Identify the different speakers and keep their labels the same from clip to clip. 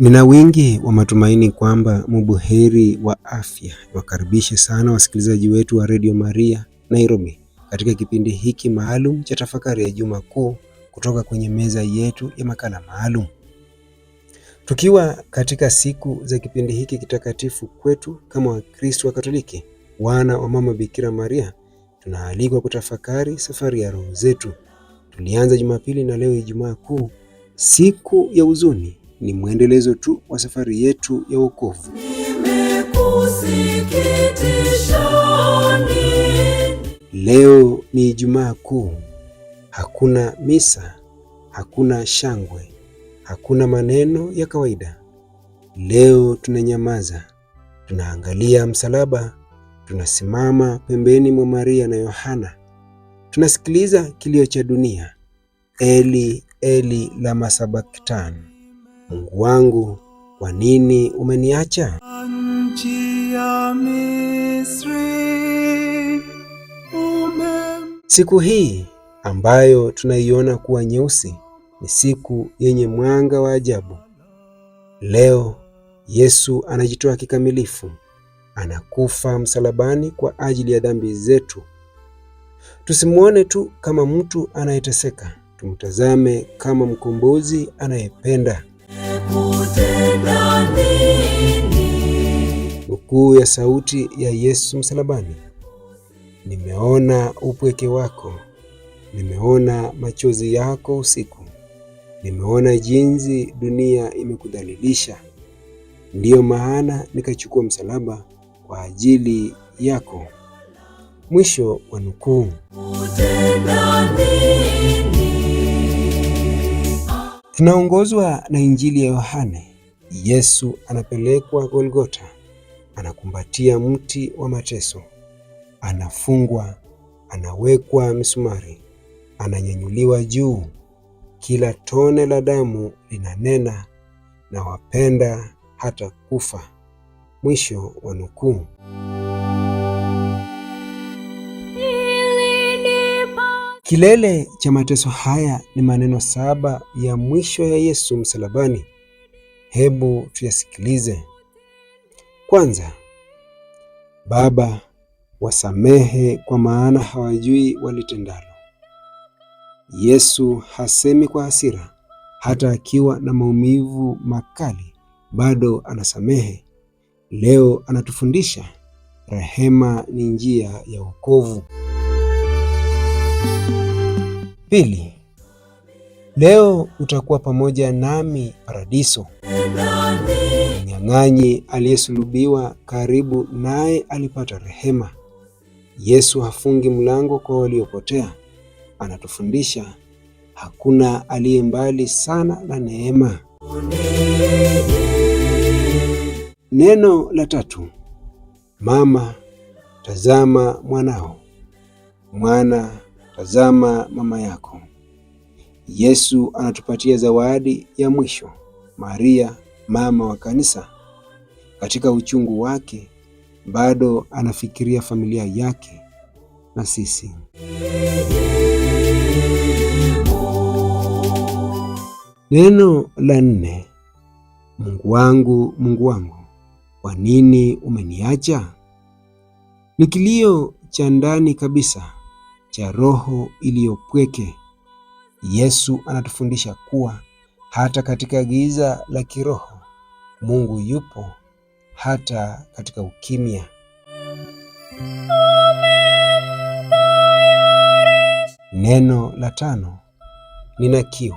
Speaker 1: Nina wingi wa matumaini kwamba mubuheri wa afya. Niwakaribishe sana wasikilizaji wetu wa redio Maria Nairobi katika kipindi hiki maalum cha tafakari ya Juma Kuu kutoka kwenye meza yetu ya makala maalum, tukiwa katika siku za kipindi hiki kitakatifu kwetu kama Wakristo wa Katoliki, wana wa Mama Bikira Maria. Tunaalikwa kutafakari safari ya roho zetu. Tulianza Jumapili na leo Ijumaa Kuu, siku ya huzuni ni mwendelezo tu wa safari yetu ya wokovu.
Speaker 2: Leo ni Ijumaa Kuu. Hakuna misa, hakuna shangwe, hakuna maneno ya kawaida. Leo tunanyamaza, tunaangalia msalaba, tunasimama pembeni mwa Maria na Yohana, tunasikiliza kilio cha dunia, eli eli lama sabakthani, Mungu wangu, kwa nini umeniacha? Nchi ya Misri siku hii ambayo tunaiona kuwa nyeusi ni siku yenye mwanga wa ajabu. Leo Yesu anajitoa kikamilifu, anakufa msalabani kwa ajili ya dhambi zetu. Tusimwone tu kama mtu anayeteseka, tumtazame kama mkombozi anayependa nukuu ya sauti ya Yesu msalabani. Nimeona upweke wako, nimeona machozi yako usiku, nimeona jinsi dunia imekudhalilisha, ndiyo maana nikachukua msalaba kwa ajili yako. Mwisho wa nukuu. Tunaongozwa na Injili ya Yohane. Yesu anapelekwa Golgota, anakumbatia mti wa mateso, anafungwa, anawekwa misumari, ananyanyuliwa juu. Kila tone la damu linanena na wapenda hata kufa. Mwisho wa nukuu. Kilele cha mateso haya ni maneno saba ya mwisho ya Yesu msalabani. Hebu tuyasikilize. Kwanza, Baba wasamehe, kwa maana hawajui walitendalo. Yesu hasemi kwa hasira, hata akiwa na maumivu makali bado anasamehe. Leo anatufundisha rehema ni njia ya wokovu. Pili, leo utakuwa pamoja nami Paradiso, mnyang'anyi aliyesulubiwa, karibu naye alipata rehema. Yesu hafungi mlango kwa waliopotea, anatufundisha hakuna aliye mbali sana na neema. Neno la tatu, mama, tazama mwanao. Mwana tazama mama yako. Yesu anatupatia zawadi ya mwisho, Maria mama wa kanisa. Katika uchungu wake bado anafikiria familia yake na sisi. Neno la nne: Mungu wangu, Mungu wangu, kwa nini umeniacha? Ni kilio cha ndani kabisa cha roho iliyopweke. Yesu anatufundisha kuwa hata katika giza la kiroho Mungu yupo hata katika ukimya. Neno la tano, nina kiu,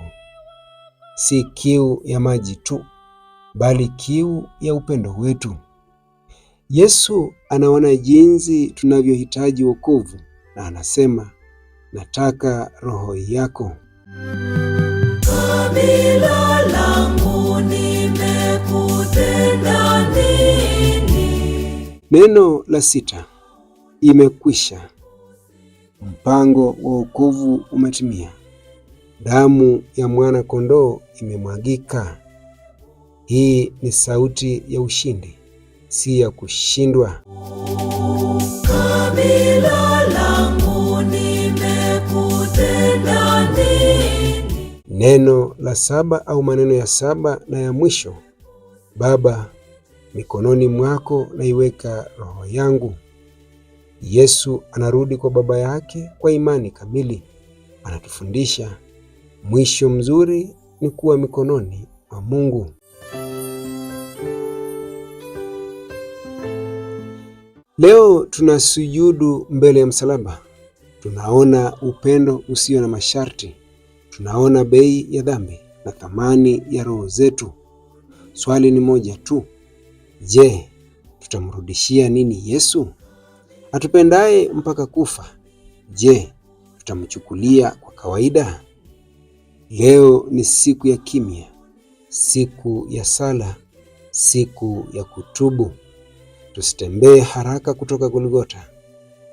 Speaker 2: si kiu ya maji tu, bali kiu ya upendo wetu. Yesu anaona jinsi tunavyohitaji wokovu na anasema nataka roho yako. Kabila langu nimekutenda nini? Neno la sita, imekwisha. Mpango wa wokovu umetimia. Damu ya mwana kondoo imemwagika. Hii ni sauti ya ushindi, si ya kushindwa. Kami. Neno la saba au maneno ya saba na ya mwisho: Baba, mikononi mwako naiweka roho yangu. Yesu anarudi kwa Baba yake kwa imani kamili. Anatufundisha mwisho mzuri ni kuwa mikononi mwa Mungu. Leo tunasujudu mbele ya msalaba, tunaona upendo usio na masharti. Tunaona bei ya dhambi na thamani ya roho zetu. Swali ni moja tu. Je, tutamrudishia nini Yesu? Atupendaye mpaka kufa. Je, tutamchukulia kwa kawaida? Leo ni siku ya kimya, siku ya sala, siku ya kutubu. Tusitembee haraka kutoka Golgotha.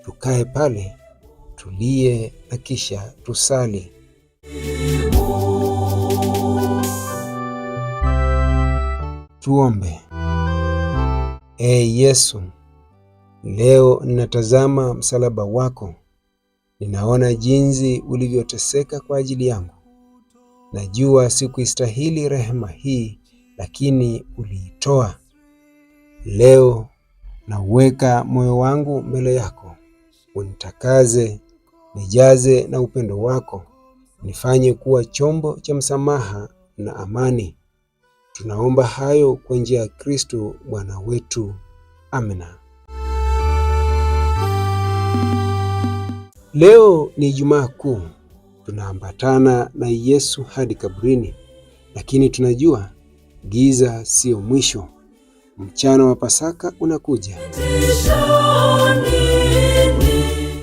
Speaker 2: Tukae pale, tulie na kisha tusali. Tuombe. Ee Yesu, leo ninatazama msalaba wako, ninaona jinsi ulivyoteseka kwa ajili yangu. Najua sikuistahili rehema hii, lakini uliitoa. Leo nauweka moyo wangu mbele yako, unitakaze, nijaze na upendo wako, nifanye kuwa chombo cha msamaha na amani. Tunaomba hayo kwa njia ya Kristo Bwana wetu. Amina. Leo ni Ijumaa Kuu, tunaambatana na Yesu hadi kaburini, lakini tunajua giza siyo mwisho. Mchana wa Pasaka unakuja.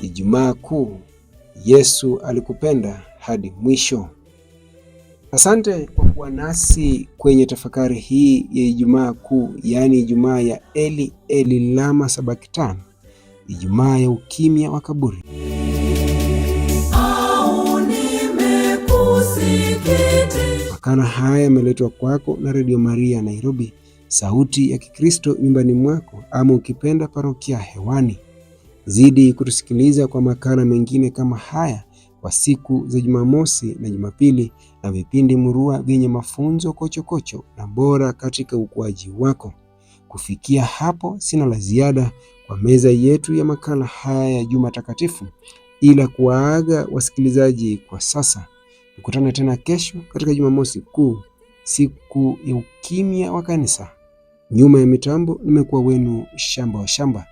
Speaker 2: Ijumaa Kuu, Yesu alikupenda hadi mwisho. Asante kuwa nasi kwenye tafakari hii ya Ijumaa Kuu, yaani Ijumaa ya Eli Eli lama sabakitan Ijumaa ya ukimya wa kaburi. Makala haya yameletwa kwako na Redio Maria Nairobi, sauti ya Kikristo nyumbani mwako, ama ukipenda parokia hewani. Zidi kutusikiliza kwa makala mengine kama haya kwa siku za Jumamosi na Jumapili na vipindi murua vyenye mafunzo kochokocho -kocho na bora katika ukuaji wako. Kufikia hapo, sina la ziada kwa meza yetu ya makala haya ya Juma Takatifu, ila kuwaaga wasikilizaji kwa sasa. Tukutane tena kesho katika Jumamosi Kuu, siku ya ukimya wa Kanisa. Nyuma ya mitambo nimekuwa wenu Shamba wa Shamba.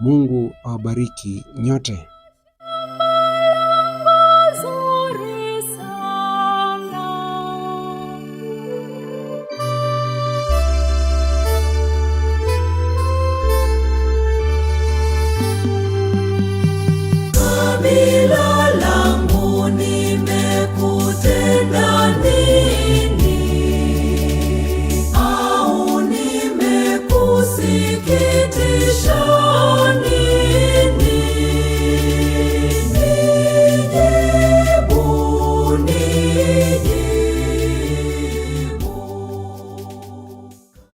Speaker 2: Mungu awabariki nyote.